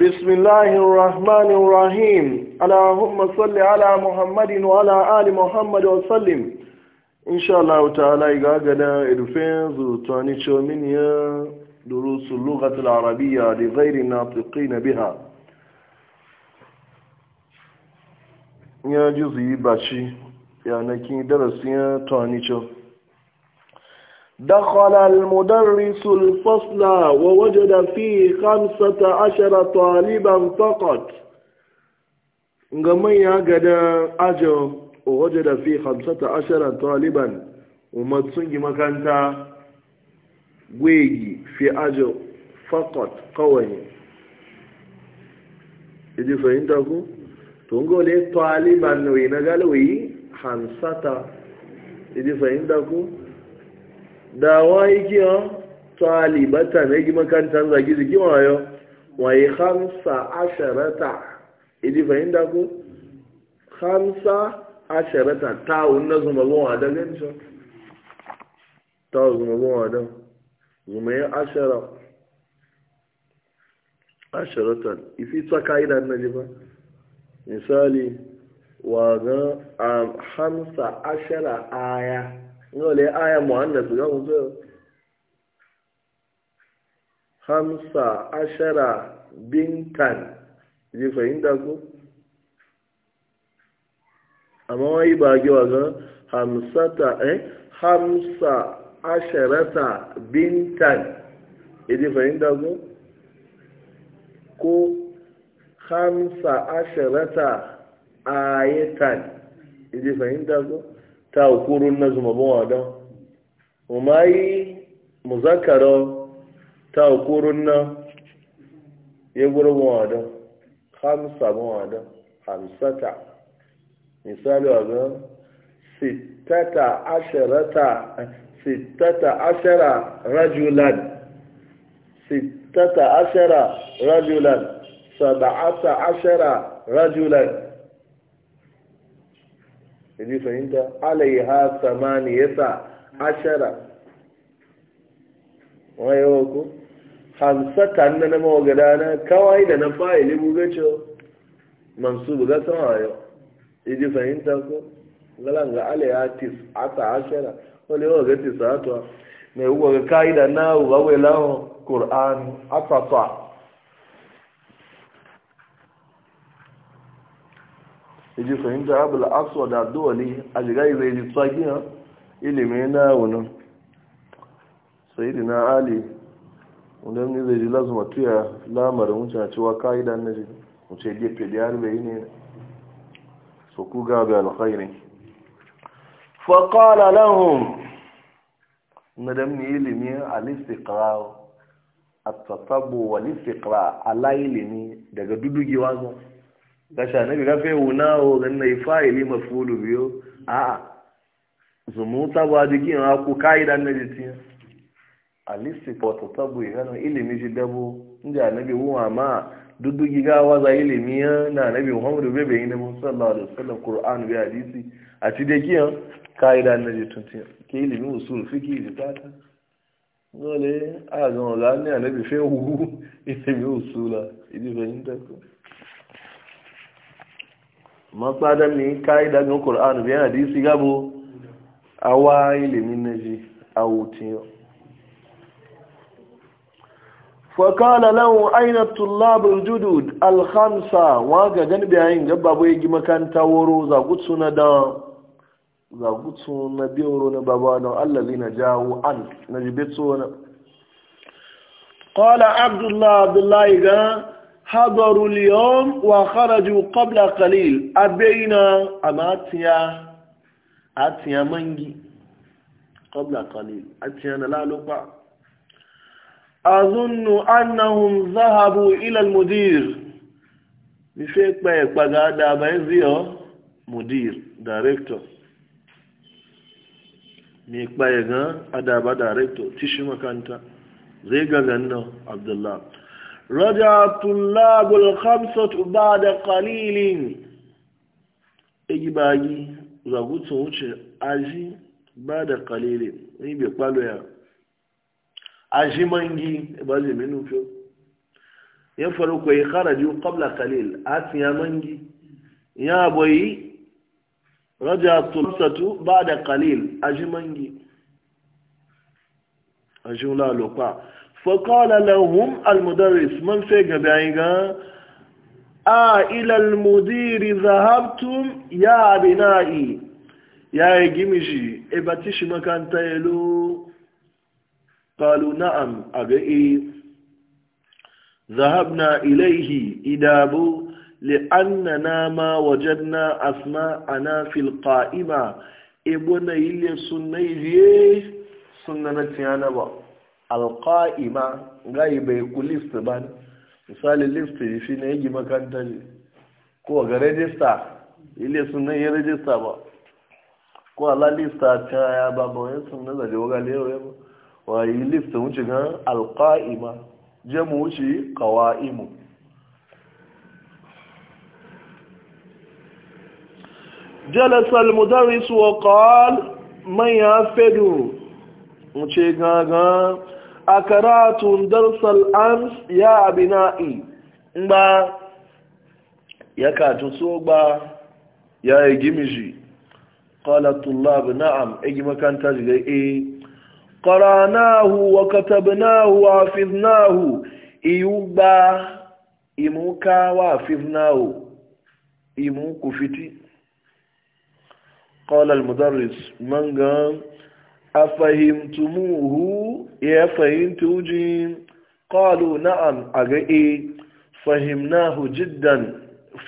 بسم الله الرحمن الرحيم اللهم صل على محمد وعلى آل محمد وسلم إن شاء الله تعالى يقعدنا الفنز زوتاني شومينيا دروس اللغة العربية لغير الناطقين بها يا جزي باشي يعني كي درسيا تاني شومينيا دخل المدرس الفصل ووجد فيه خمسة عشر طالبا فقط غمي غدا أجو ووجد فيه خمسة عشر طالبا ومتصنج مكانتا ويجي في أجو فقط قوي إذا فهمتكم تنقول طالبا وينغالوي خمسة إذا فهمتكم da wayi kiyo talibata na gi makantan zagi zigi wayo wayi khamsa asharata idi fahimta ko khamsa asharata ta wunna zuma gon da gancho ta zuma gon da zuma ya ashara asharata ifi tsaka da na ba misali wa ga hamsa ashara aya ngole aya muhannas ga muzo hamsa ashara bintan ji fahimta ko amma yi ba gewa ga hamsata eh hamsa asharata bintan idi e fahimta ko ko hamsa asharata ayatan idi e fahimta ko ta hukurun na zuma bin wadon umayi muzakaro ta hukurun na ya guri bin wadon hamsa bin wadon hamsata misali wadon sittata asharata sittata ashara rajulan sittata ashara rajulan saba'ata ashara rajulan yaji fahimta alaiha samaniyata ashara wayo ku hamsa kan na nama wagada na kawai da na fa'ili bugacho mansubu ga sama wayo yaji fahimta ko galan ga alaiha tis ata ashara wale waga tis atwa ne uwa ga kaida na uwa welawo qur'an atata yaji fahimta abul aswa da dole a jiga zai ji tsaki ilimi na wani ali wanda ne zai ji lazuma tuya lamarin wuce cewa ka'ida na ji wuce gefe da yar bai ne so ku alkhairi fa qala ilimi al-istiqra daga dudugewa gasha anabi ga wuna o gan na fa'ili mafulu biyo a zumuta ba jiki na ku kaida na jiti alisti ko to tabu yana ilimi ji dabu inda anabi huwa ma dudu giga waza ilimi na annabi Muhammadu be be ina sallallahu alaihi wasallam Qur'an be hadisi a ci ke ilimi usul a ne fe usula ko matsadan ne ka'ida ga ƙur'an biyan hadisi gabo a wa ilimin na ji a wutin yau fakala lahu aina tullabul judud alhamsa wa ga gan biyayin gaba bai gi makanta woro zagutsu na da na biyoro na baba don allazi na jawo an na jibetsu na قال Abdullahi الله عبد hadaru liyom wa kharaju qabla qalil abeina amatiya atiya mangi qabla qalil atiya na laluba azunnu annahum zahabu ila almudir nife pe paga da ba baizio mudir director mi pa gan adaba director tishi makanta zai ga ganna abdullahi رجع الطلاب الخمسة بعد قليل اجي باجي زغوت وجه اجي بعد قليل ني بيقالوا يا اجي مانجي بازي منو شو يا يفرق يخرجوا قبل قليل ات يا مانجي يا بوي رجع الطلسة بعد قليل اجي مانجي اجي لا لو fakọ́lá lẹ́hùn almudaris mọ́ fẹ́ gẹ̀bẹ̀ àyíká a ilalmudiri zahabtum ya abinai ya yi gimishi ebati shi makanta yalo kalu na'am a ga'e zahabna ilaihi idabu li'anna na wajen wajenna asma ana filka'ima ebo na ile sunna ihe sunna na tiyanaba alƙa'ima gai bai ku list ba misali list shi ne yi makanta ne ko ga rajista ile sunan yi rajista ba ko ala lista ta ya ba ba wani sunan zaje waga lewa ya ba wa yi list wuce gan alƙa'ima jamu wuce kawa'imu جلس المدرس وقال من يفدو وشي غاغا A karatun darsal ams ya abina'i ba. ya kato so ba, ya yi gimiji qalatullah na'am igi makanta jiga e Ƙaranahu wa katabnahu wa ba, iyuba imuka wa hafidnahu imu ku fiti. al-mudarris mangan أفهمتموه يا فهمتو جين قالوا نعم أغئي إيه؟ فهمناه جدا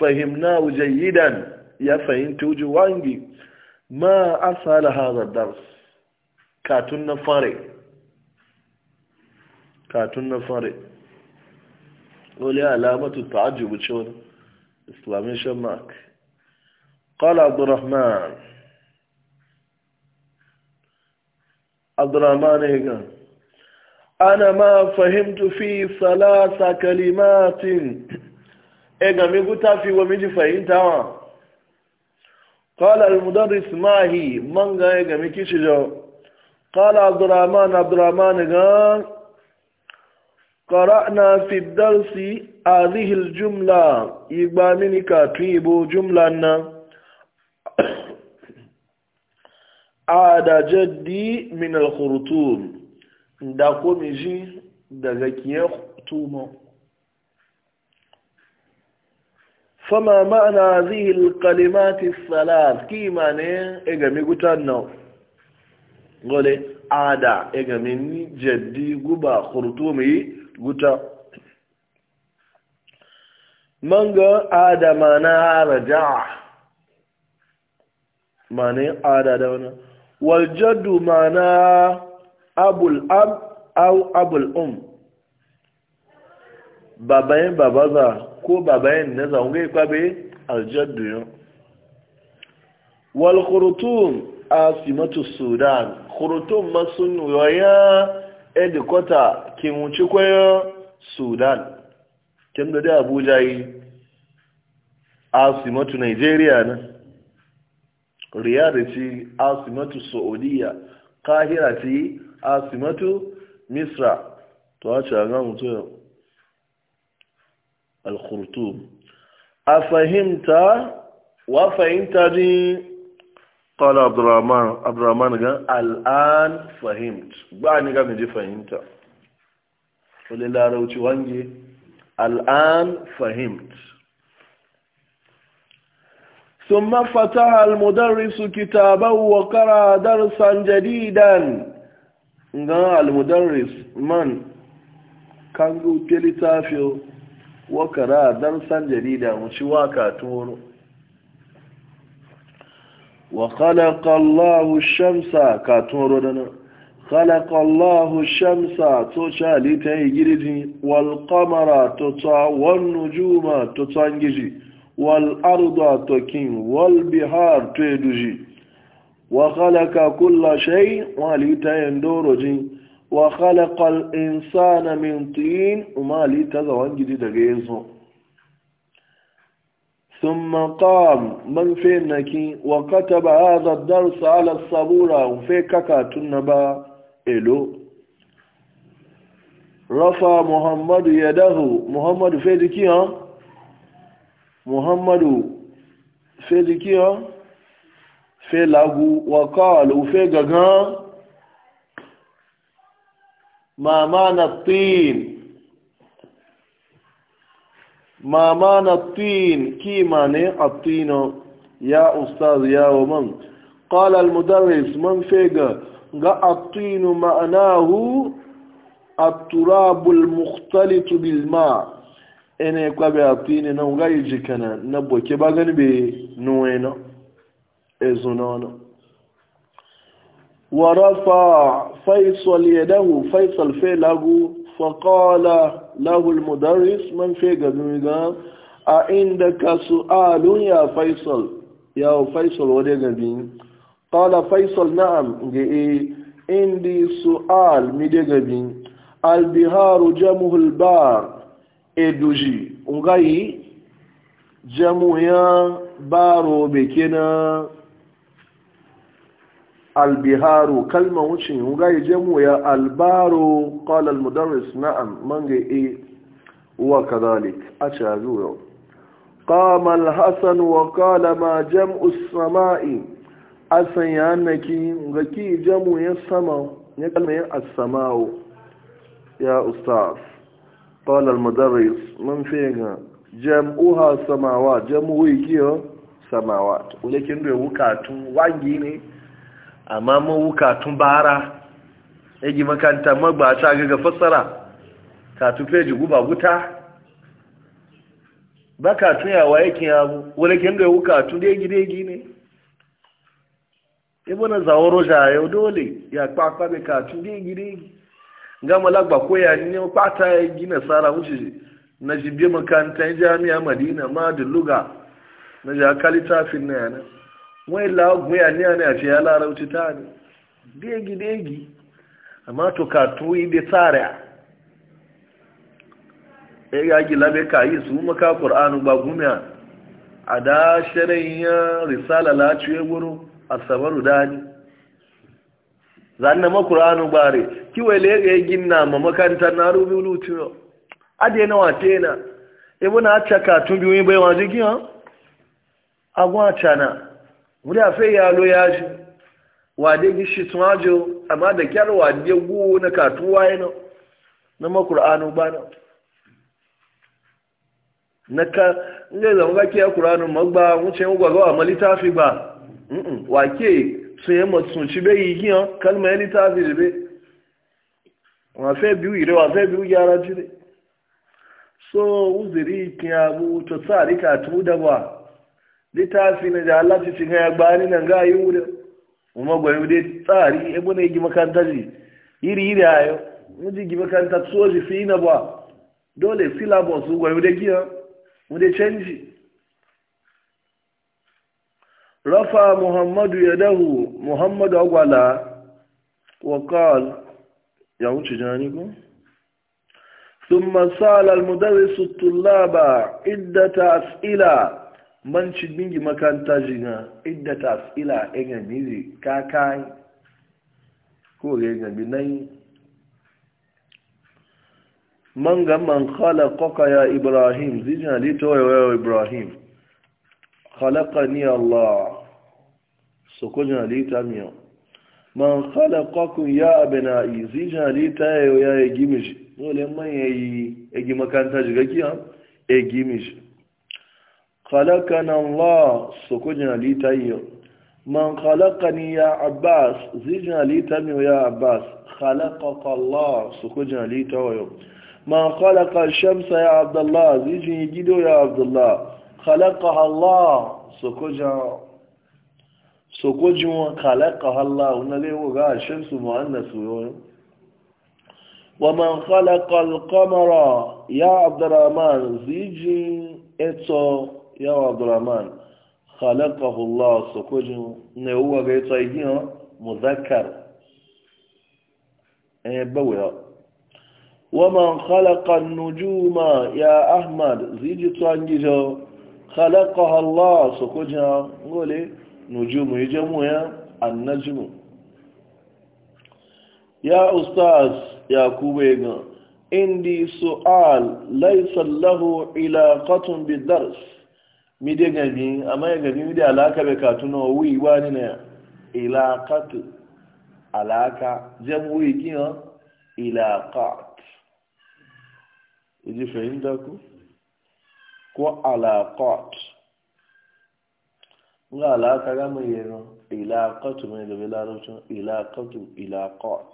فهمناه جيدا يا فهمتو جوانجي ما أصل هذا الدرس كاتون نفاري كاتون نفاري قولي علامة التعجب شون إسلامي شمعك قال عبد الرحمن عبد الرحمن قال انا ما فهمت في ثلاث كلمات اجا ميغوتا في وميجي فهمتا قال المدرس ما هي من اجا ميكيش جو قال عبد الرحمن عبد الرحمن قال قرأنا في الدرس هذه الجملة يبقى مني تريبو جملة ada jaddi min al-khurtum da ko ji daga kiye tuma fama ma'ana hadhihi al-kalimat ath ki kima ne ega mi gutanno gole ada ega ni jaddi guba khurtumi guta manga ada mana raja mane ada da wannan والجد معناه أبو الأب أو أبو الأم babayen baba za ko babayin na zaunga ikwa be aljaddu yau wal khurutum asimatu sudan khurutum masu yoya edikota kinwuci kwayo sudan kin da abuja yi asimatu nigeria na riyadu ce asimatu saudiya kahira ce asimatu misra to a ce ga mutum alkhurtu a fahimta wa fahimta ne Kala abdurrahman ga al'an fahimt. ba ni ga mai ji fahimta wani larauci wange al'an fahimta ثم فتح المدرس كتابه وقرأ درسا جديدا قال المدرس من كان يتلي تافيو وقرأ درسا جديدا وشواكا تور وخلق الله الشمس كاتورنا خلق الله الشمس توشا لتيجري والقمر تطا والنجوم تطنجي wal arda tokin wal bihar tue kulla shayi wa li ta yendoro ji wa khalaka al insana min tiin wa li ta zawangi di daga yinzo summa qam man fe naki wa kataba aza darsa ala sabura un fe kaka ba Elo. rafa muhammadu yadahu muhammadu fe diki ha muhammadu fe jikiya fe lagu wa kalu fe mama na tin mama na tin kima ne atino ya ustaz ya wa man qala al mudarris man fega ga atinu ma'anahu التراب المختلط bilma. ene kwabe apine na ugayi jikana na boke ba gani be nuwe na na ono faisal yadahu faisal fe lagu faƙala lahul mudaris man fe gani ga a inda ka su'alun ya faisal ya faisal wadda gabi ƙala faisal na'am ga e indi su'al mi de gabi albiharu jamuhul bar eduji ngayi jamuya baro na albiharu kalma wuce ngayi jamuya albaro kwallon almudarris na'am manga e wa kadhalik a zuwa قام الحسن وقال ما جمع السماء أسن غكي جمع السماء يكلم السماء يا أستاذ قال المدرس من فيها جمعها سماوات جمعوي كيو سماوات ولكن ده وكاتون وانجي ne amma mu wukatun bara yaji makanta magbata ga fassara ka tufe ji guba guta ba ka tuyawa yake yamu walakin da wukatun da yagi degi ne ibuna zaworo jayo dole ya kwakwabe katun degi degi gama lagba koya ne kwata gina sara wuce na jibe makarantar jami'a madina ma da luga na jaka littafin na yana wai lagun ya ne ne a ce ya larauci ta ne degi degi amma to e ka tuyi da tsara ya ya gi labe ka yi su maka ƙur'anu ba gumiya a da shirin ya risala ya wuru a samaru dani zanna ma ƙur'anu bare kiwele ga egin na ma makanta na rubi lutuyo ade na wate na ebo na acha ka tun bi bai wa jigi ha agwa acha na muri afe ya lo ya shi wa de shi tun ajo amma da kyar wa de na ka tuwa yana na ma qur'anu na ka nge zan ga kiya qur'anu magba wuce ngwa ga wa malita fi ba wa ke sun yi matsun ci bai yi giyan kalmar littafi da bai wafe biyu ire wafe biyu gyara jire so uziri kiyabu to tsari ka tu da ba littafi na da Allah cikin ya gbani nan ga yi wuri kuma gwai dai tsari ebo ne gi makanta ji iri iri ayo muji gi makanta so ji fi na ba dole syllabus gwai dai giya mu dai canji rafa muhammadu yadahu muhammadu agwala wa ya جانبه ثم سال المدرس الطلاب عدة أسئلة من شبينجي مكان تاجينا عدة أسئلة إيجا ميزي كاكاي كو إيجا بناي من من خلقك يا إبراهيم زيجنا لي توي يا إبراهيم خلقني الله سكوجنا لي تاميو man khalaqakum ya abna'i zijali ta yo ya egimish dole man yayi egi makanta jiga kiya egimish khalaqana Allah sokojna li ta yo man khalaqani ya Abbas zijali ta mi ya Abbas khalaqaka Allah sokojna li ta yo man khalaqa shamsa ya Abdullah zijin gido ya Abdullah khalaqaha Allah sokojna سو کو جو خلقها الله ونلي وغا الشمس مؤنث ويون ومن خلق القمر يا عبد الرحمن زيجي اتو يا عبد الرحمن خلقه الله سو کو جو نو وغا تايجو مذكر اي بويا ومن خلق النجوم يا احمد زيجي تانجيجو خلقها الله سو کو جو nujumu ya jamu ya annajmu ya ustaz ya kube ga indi su'al laysa lahu ilaqatun bid-dars mi de gabi amma ya gabi mi de alaka be katuna wi wani ne ilaqatu alaka fahimta ku nga alaka ga mai yano ilaqatu mai da kotu ila ilaqat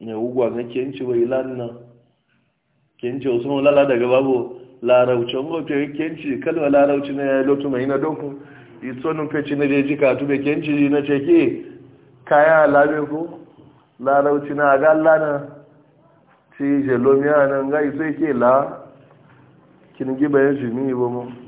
ne ugwa ga kenci bai lanna kenci wasu lala daga babu larabcin ko ke kenci kalma larauci ne ya lotu mai na doku itsonu peci na je jika tube kenci na ceke kaya labe ku larauci na ga lana ti je lomiya nan ga iso yake la kin giba ya jimi ba mu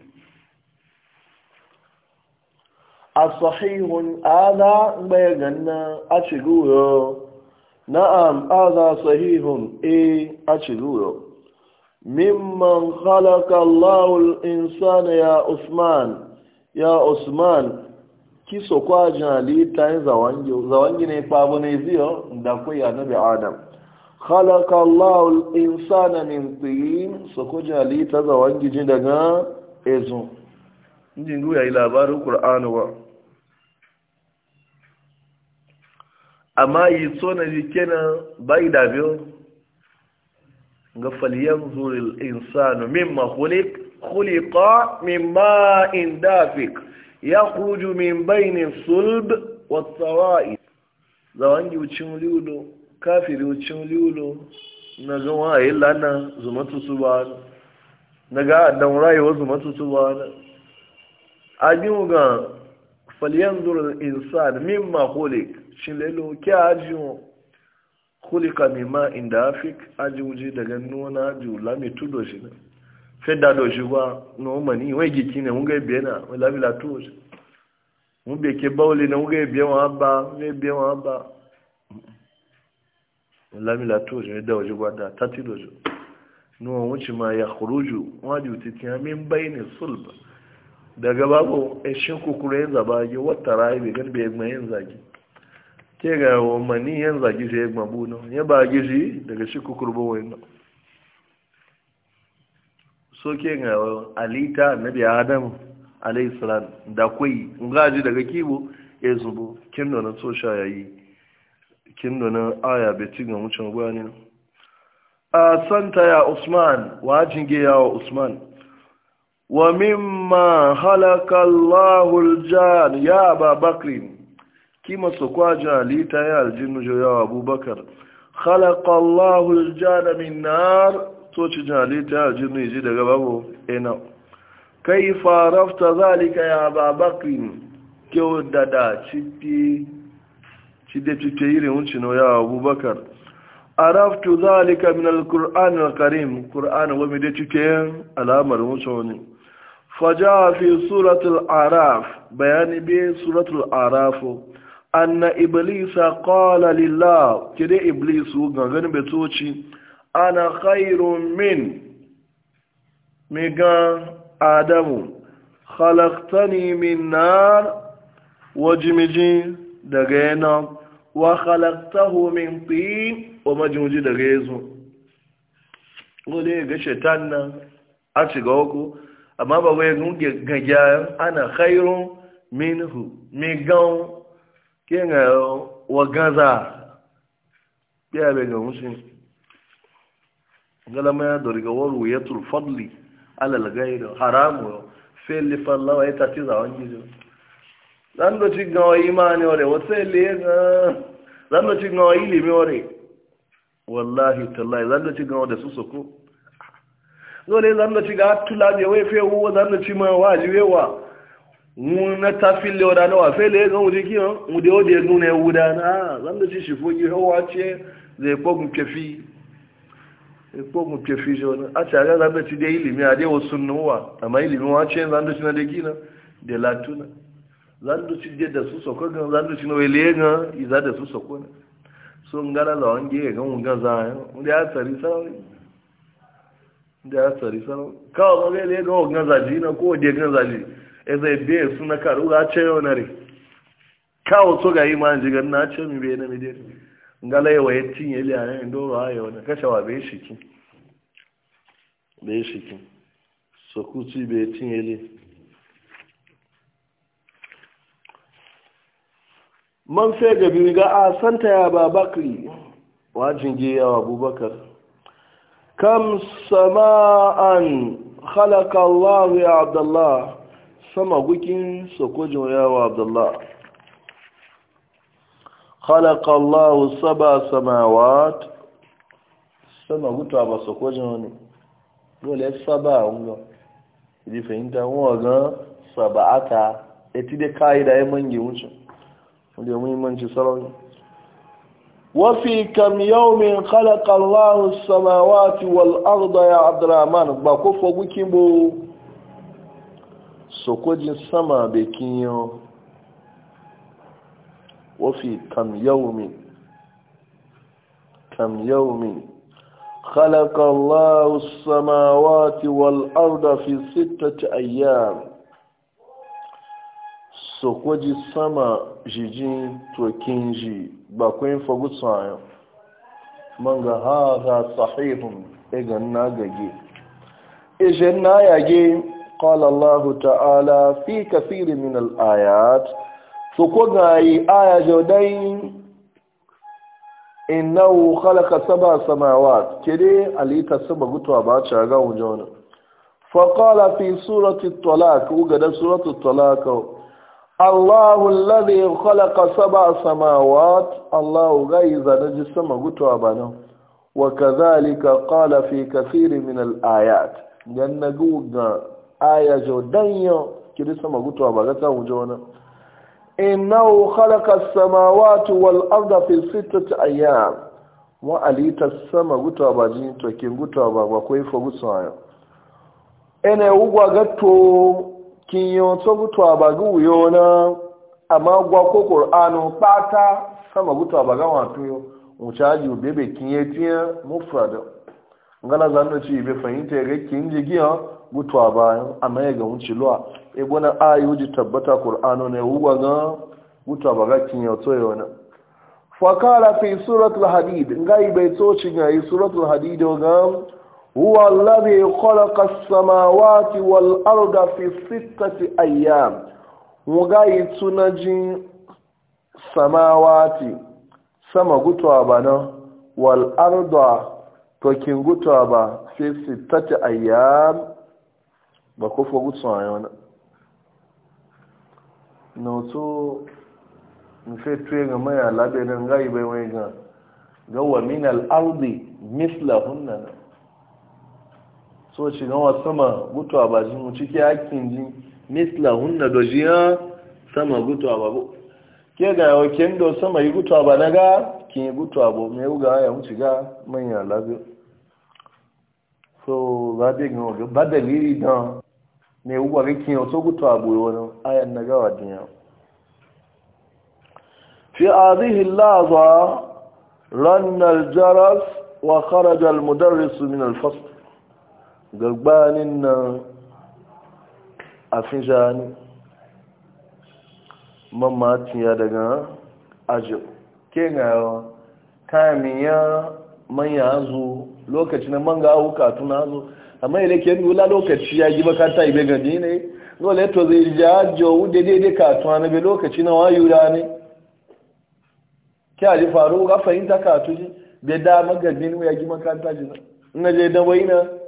asahihun ada gbaya ganna a ciguyo na'am ada sahihun e a ciguyo mimman khalaqa Allahul insana ya Usman ya Usman kiso kwa jalita yin zawangi ne babu ne ziyo da ku ya nabi Adam Halaka Allahul insana min tin so jinalita jalita zawangi jin daga ezo injin ya yi labarin ƙur'anu wa amma yi tsona jike kenan bai da biyu ga faliyan zuril insanu mimma min mimma indafik ya kuju min bainin sulb wasawa'i zawangi ucin liudo kafiri ucin liulo na a yi lana zuma tutu ba na ga dan rayuwa zuma tutu ba abin ga falyanzur insan mimma khuliq shin lelo ke ajiyo khuliqa mimma inda afik ajiwuji daga nuna jula mai tudo shi na fedda do shi ba no mani we giki ne unga ga na wala bila to shi mun be ke bawle na mun ga wa ba ne biye wa ba wala bila to shi da waje gwada tati do shi no wuce ma ya khuruju waju titiya min bayni sulba daga babu ishin kukuru yin zabagi wata rayu bai garbe yagma yin zagi ke ga mani yin zagi shi yagma buna ya ba gizi daga shi kukuru ba wani so ke ga alita bi adam alaihissalam da kwai ngaji daga kibo ya zubo kin na tosha ya yi kin da na aya bai ci ga mucin gwani a santa ya usman wajin ge yawa usman ومما خلق الله الجان يا ابا بكر كما سكوا جاليتا يا الجن جو يا ابو بكر خلق الله الجان من نار توشي جاليتا يا الجن يجي دغ بابو انا كيف عرفت ذلك يا ابا بكر كيو دادا شتي شدي تتيري ونشنو يا ابو بكر عرفت ذلك من القران الكريم القرآن ومدتك الأمر وصوني فجاء في سورة العراف بيان بي سورة العراف أن إبليس قال لله كده إبليس وغن بتوشي أنا خير من ميغا آدم خلقتني من نار وجمجي دغينا وخلقته من طين ومجمجي دغيزو وليه شيطان أتشي amma ba wai gunge gaja ana khairun minhu mi gan ke nga wa gaza ya be ga musin galama ya dori ga waru ya tul fadli ala al gairi haramu fe li falla wa ita ti zawan gizo dan do ci ga imani ore wa sai le ga dan do ci ga ilimi ore wallahi tallahi zan da ci gawa da su soko dole zan da ci ga tula je wai fe wo zan da ci ma waji wewa mu na ta fille wa dana wa fe le ga mu jiki mu de ode nu ne wuda na zan da ci shi fo gi hawa ce zai ko mu kefi ko mu kefi jo na a ta ga zan da ci dai ilimi a dai wa sunnuwa amma ilimi wa ce zan da ci na de gina de tuna zan da ci de da su sokko ga zan da ci no le ga iza da su sokko na, so ngara za wange ga mu ga za mu da tsari sai da ya tsari sarau kawo ba o lega wa na ko wajen ganzaji e zai biya na karu ga ce yau na re kawo so ga yi ma jigar na ce mi na mi dai ya cinye liya na indoro a na kashewa bai shiki bai bai cinye man sai gabi a santa ya ba bakri wajin giyawa abubakar kam sama'an khalaqa Allah ya Abdullah sama gukin sokojin ya wa Abdullah khalaqa Allah saba samawat sama gutuwa ba sokojin wani dole saba wanga idi fahimta wanga saba'ata eti da kaida ya mangi wuce wanda muhimmanci sarau وفي كم يوم خلق الله السماوات والأرض يا عبد الرحمن باكوفو وكيمبو سوكوجين سما بكيو وفي كم يوم كم يوم خلق الله السماوات والأرض في ستة أيام sokwa ji sama jijin turkin ji ba kwen fagusayen manga ha ha sahihun egan na gage ejen na yage kwallo allah ta'ala fi kafiri min al'ayat sokwa ga yi aya jaudai innahu khalaqa saba samawat kede alita saba gutwa ba ta ga wajen kala fi surati at-talaq uga da surati Allahu alladhi khalaqa sab'a samawat Allahu ghaiza najisama gutuwa bana wa kadhalika qala fi kathiri min al-ayat ganna guga aya jodanyo kirisama gutwa baga ta wujona innahu khalaqa as-samawati wal-arda fi sittati ayyam wa alita sama gutwa bajin to kin gutuwa ba kwai fa gutwa ene ugwa gato kinyo to gutwa ba guyo na amma gwa ko qur'anu pata sama gutwa ba ga wato yo mutaji bebe kinye tiya mufrad ngala zanno ci be fahimta ga kinje giya gutwa ba amma ya ga wuce luwa e bona ayoji tabbata qur'anu ne huwa ga gutwa ba kinyo to yo na fakala fi suratul hadid ngai bai to ci ga suratul hadid ga هو الذي خلق السماوات والأرض في ستة أيام وغاي تنجي سماوات سما قطوة بنا والأرض توكين قطوة في ستة أيام بكوف قطوة يونا نوتو نفي تويغا ما يا لابي نغاي بيويغا جوا من الأرض مثلهن so ci wa sama gutu a bajin ciki hakkin ji misla hunna jiya sama gutu a babu ke ga yau kendo sama yi gutu a ba ga kin yi gutu a bo mai wuga ya wuce ga manya labi so za ta yi gawa ba dalili don mai wuga ga kin yau so gutu a wani ayan na gawa duniya fi azihi laza ranar jaras wa kharaja mudarrisu min al-fasl gagbanin nan a finjani mamatiya daga ajiyar ke gawa kamiya manya zo lokaci na manga ahuka tuna zo amma ile ke nula lokaci ya gi makanta ibe gani ne dole to zai ji ajo daidai da katuwa na bai lokaci na wayu da ne ke ali faru ga fahimta katu ji bai da magabin ya gi makanta ji na je da na.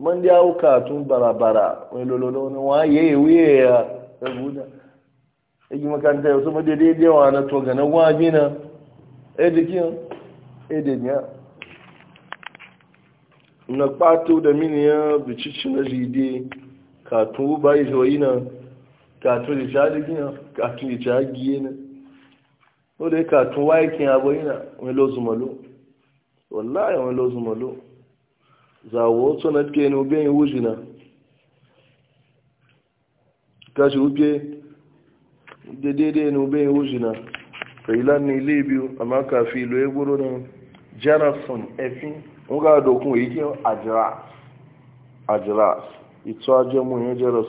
man da yawo katun barabara wani lololo wani wa yayi wuye ya rubuta egi makaranta yau sama daidai da yawa na toga na waje na edikin edin ya na kpato da mini ya bicici na jide katun ba yi zoyi na katun da ca jikin ya katun da ca giye na o da katun wa yakin abuwa yana wani lozumalo wallahi wani lozumalo zawo tsonar ke ne ubiyan yi wujina kashi upe da daidai ne ubiyan yi wujina ka yi lan ile biyu amma kafi fi ya guru na jarason efi nga dokun yi ke ajira ajira ito ajiyar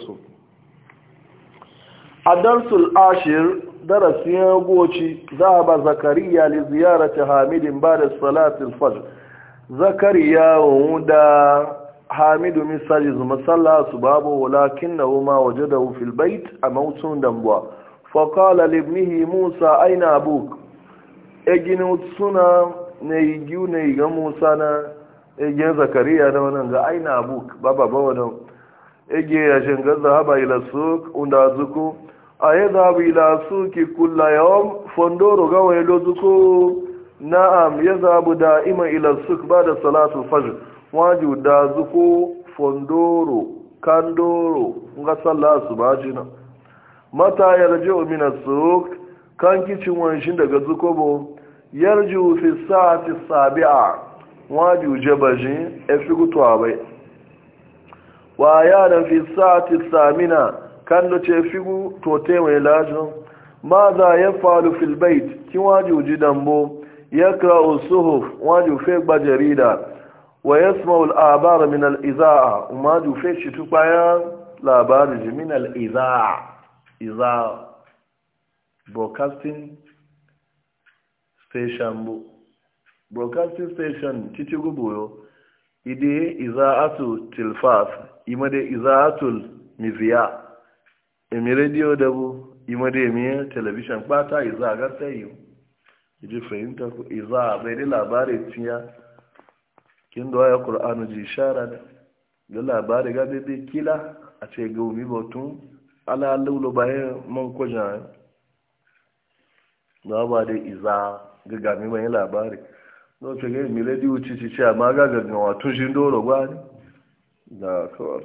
a darsul ashir darasin goci za a ba zakariya li ziyarar hamidin ba da salatin fajr zakariya da hamidu misali zuma sallah su babu walakin na wuma waje da wufil bait a mautun damuwa fakala libnihi musa aina abu egin suna na igiyu na iga musa na egin zakariya na wannan ga aina abu baba ba wannan ege ya shingar zahaba ila suk unda zuku a yi zahaba ila suki kulla yawon fondoro gawa ya lo zuku na'am ya zabu da'ima ila suk ba da salatu fajr waju da zuko fondoro kandoro ga sallah subajina mata yarje min as-suk kan kicin wanshin daga zuko bo yarji'u fi sa'ati sabi'a waju jabaji e figutu abai wa ya da fi sa'ati samina kan do ce figu to te mai lajo ma za ya falu fil bait kin waju dambo يقرأ الصحف واجو فيك بجريدة ويسمع الآبار من الإذاعة وماجو فيك شتوكايا لا بارج من الإذاعة إذاعة broadcasting station bu broadcasting station titi gubuyo ide iza'atu tilfas imade iza'atul miziya emi radio da bu imade emi television kpata iza ga sayo ji fahimta ko iza bai da labari tiya kin da waya qur'anu ji ishara da da ga bebe kila a ce ga batun ala bayan man kwaja na ba da iza ga gami mai labari no ce ga mi ci ce amma ga shi doro gwani da kawar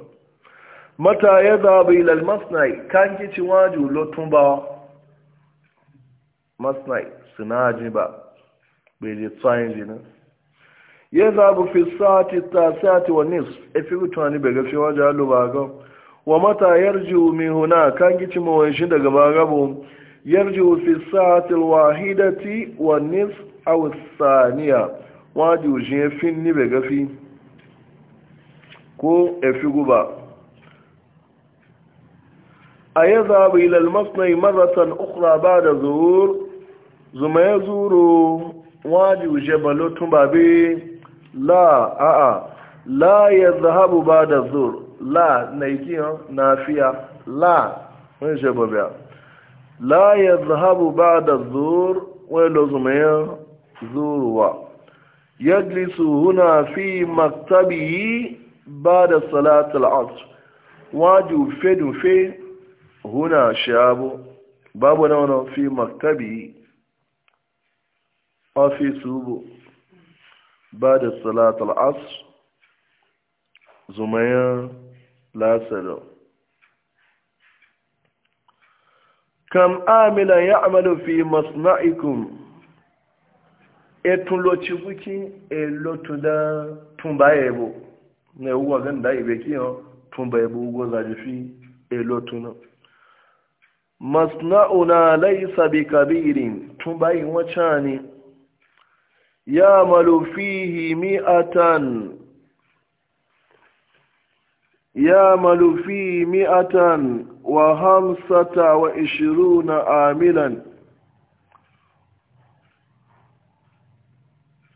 mata ya ilal masnai kan waju lotun ba masnai sinaji ji ba bai je tsayin jini. ya za bu fi sati ta sati wa nis e fi tunani bai gafi wajen halu ba ga wa mata yarju min huna kan gici mawai shi daga ba Yar yarju fi sati wahidati wa nis aw saniya wajen shi fi ni bai gafi ko e fi guba a ya zaɓi ilal masnai maratan ukra ba da zuwur zuma ya zuro waji wuce ba babe la a'a la ya zahabu ba da zur la na ikiyan na fiya la wani ce la ya zahabu ba da zur wani lo zuma ya zuruwa su huna fi maktabi ba da salatul asr wadi ufe dufe huna shabu babu na wani fi maktabi ofisubu ba da salatul asr zumayen lasaro kam amila ya amalu fi masna'ikum etun lo ci kuki elotu da yabo na gan da ibe kiyo ugo zaji fi e na masna'una laisa bi kabirin wacce ne يعمل فيه مئة يعمل فيه مئة وهمسة وإشرون عاملا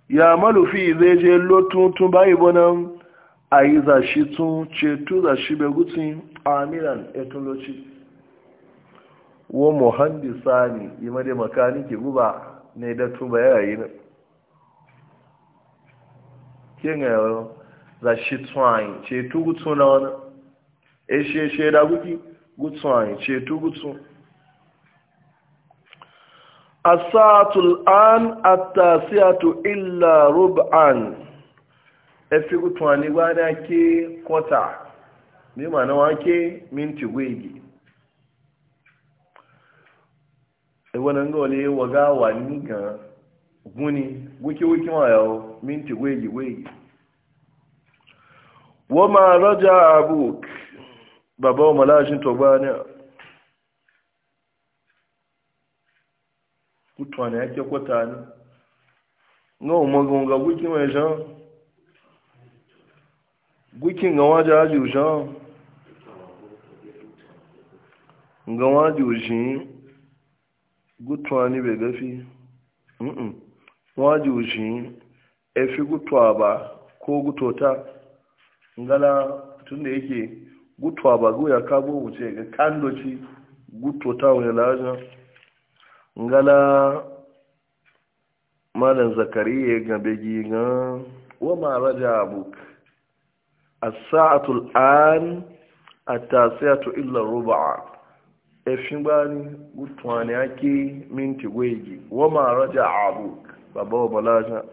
يعمل فيه ذي جلو تنتم بايبونا أي ذا شتون شتو ذا شبغوتين عاملا يتلو شتون ومهندساني يمالي مكاني غبا ne da tuba yayi ke nga yau za shi tsuwayi ce tu gutsu na wani e shi shi da guki gutsuwayi ce tu asatul an attasiyatu illa rub'an e fi gutsuwani gwada ke kota ne ma na wake minti gwegi e wannan gole waga wani ga guni wiki-wiki wayo minti wegi-wegi wama raja abuk baba wa malashin tobaniya kutwane yake kwatani nga umagunga gwiki mai shan gwikin ga waje ajiyu shan ga waje ushin gutwani bai gafi mm wọ́n jù sí efi gutuwa ba ko gutota ngala tun da yake gutuwa ba goya kabo wuce ga kandoci gutota wani lajin ngala malam zakariya ga begi ga wa ma raja abuk as-sa'atu al-an at-tasi'atu illa ruba'a efin bani ne ake minti goyi wa ma raja abuk baba wa balaja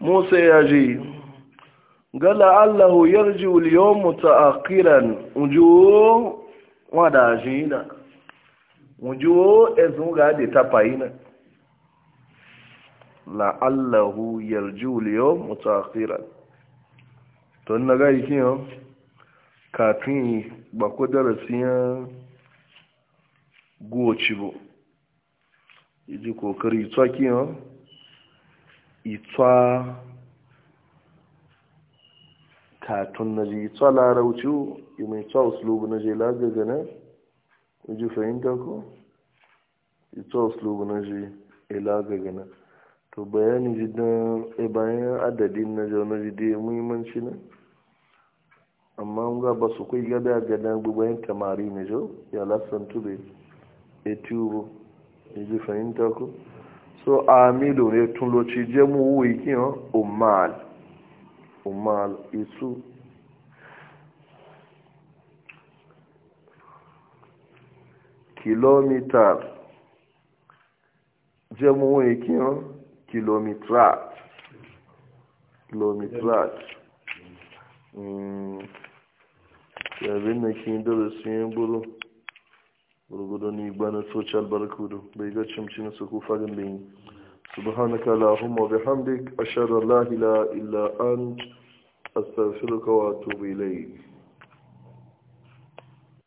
musa ya ji gala allahu yarji uliyon mutaakiran ujuwo wada ji na ujuwo ezun ga adi tafayi na la'allahu yarji uliyon mutaakiran to na ga ka kafin ba ku darasiyan gochi bo iji kokari itswa kiyan itswa katun na ji itswa larauci ime itswa uslubu na je lagaga na iji fahimta ko itswa uslubu na je lagaga na to bayani jidan e bayan adadin na je na jide muhimmanci na amma nga ba su kai gada gadan gubayen tamari na jo ya lasantu da etiyo ji so amilu ne tun loci jemu wuyi kiyan umal umal isu kilomitar jemu wuyi kiyan kilomitrat hmm. yabin na kin dole sun yi buru gurgudu ni bana social barkudu bai ga cimcin su ku fagin bin subhanaka allahumma bihamdik ashhadu an la ilaha illa ant astaghfiruka wa atubu ilayk